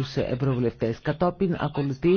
Σε ευρωβουλευτές. Κατόπιν ακολουθεί